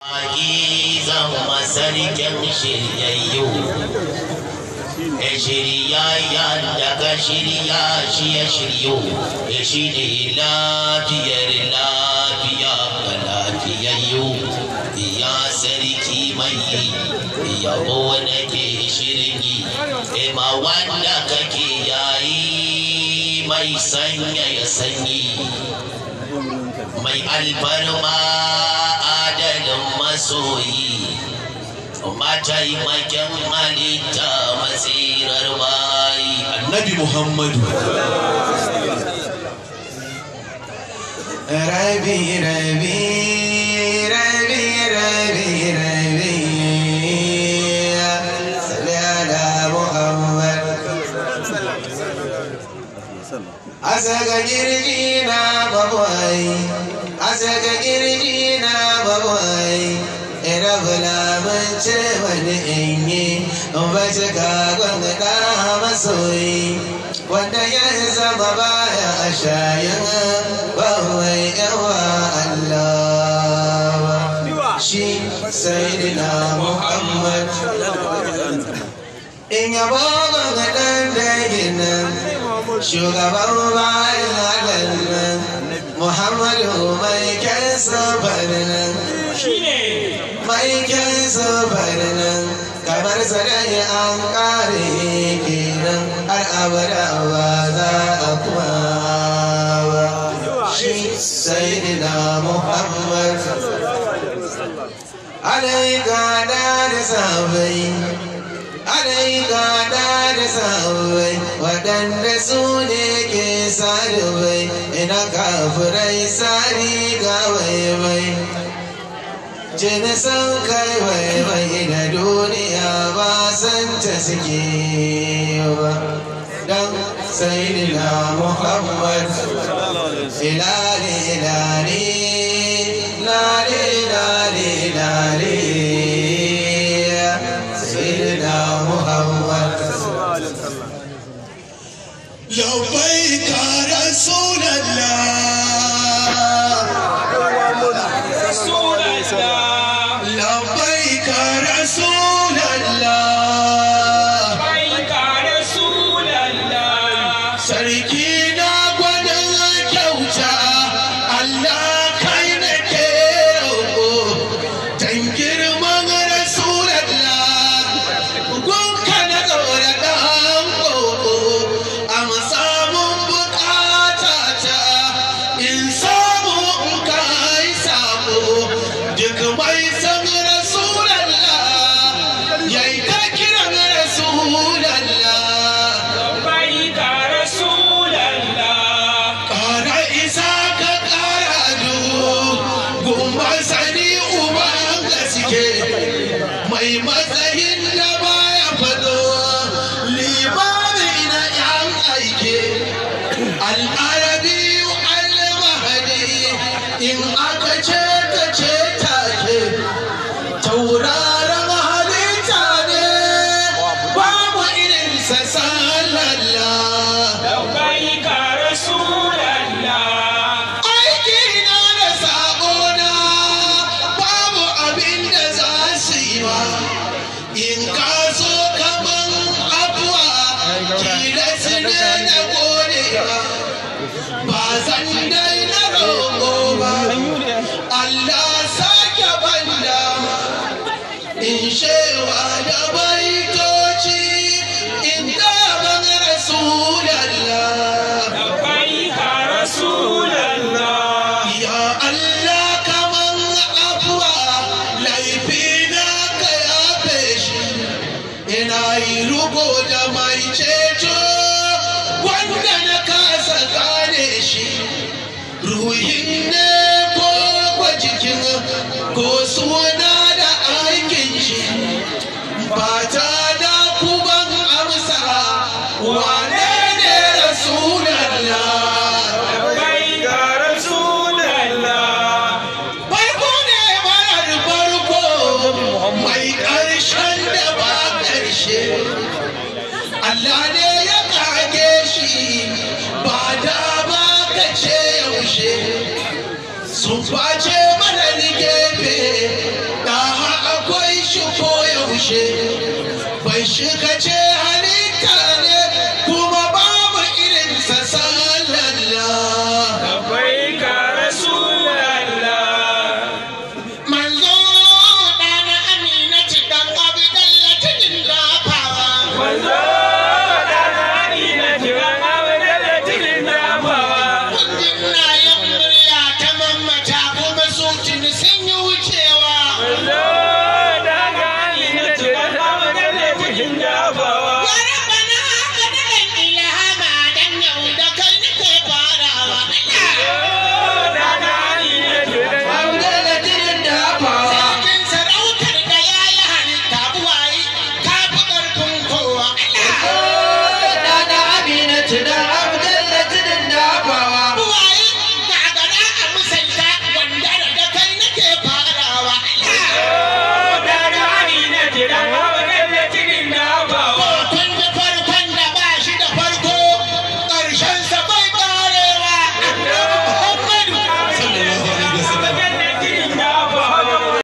Magizan masarkin shiryayyu, ya shirya yadda ka shirya shi ya shiryu, ya shirya lafiyar lafiya ga lafiyayyu, ya sarki mai yabo na ke shirgi, e ma wanda kake yayi mai sanya ya sanyi, mai alfarma adalin masoyi mata yi maken halitta masirar bayi annabi muhammadu rabi rabi Asaga jirgina babuai, asaga jirgina da inyi bace kagon da ka masoyi wanda ya zama baya a shayin bawai yawa Allah shi sayidina Muhammad in yabo ga dan dangin nan shugaban bayan nan Muhammadu mai kyan sabanin nan maikin zubar nan kamar zagaye an kare kenan har abada ba za a kuma ba shi sai dina muhammad alaika da da alaika da da waɗanda su ne ke sari ina kafirai sari ga wai bai jini sun kai waiwai da duniya ba san ta suke ba dan sayidina muhammad ilari ilari lari lari lari لبيك رسول الله inside. Murar mahalitta ne babu irinsa sallallahu ina yi jamai da mai ceto wanda na kasa kare shi ruhin su kwace mana ni gefe da akwai shi ko yaushe bai shi kace halitta ne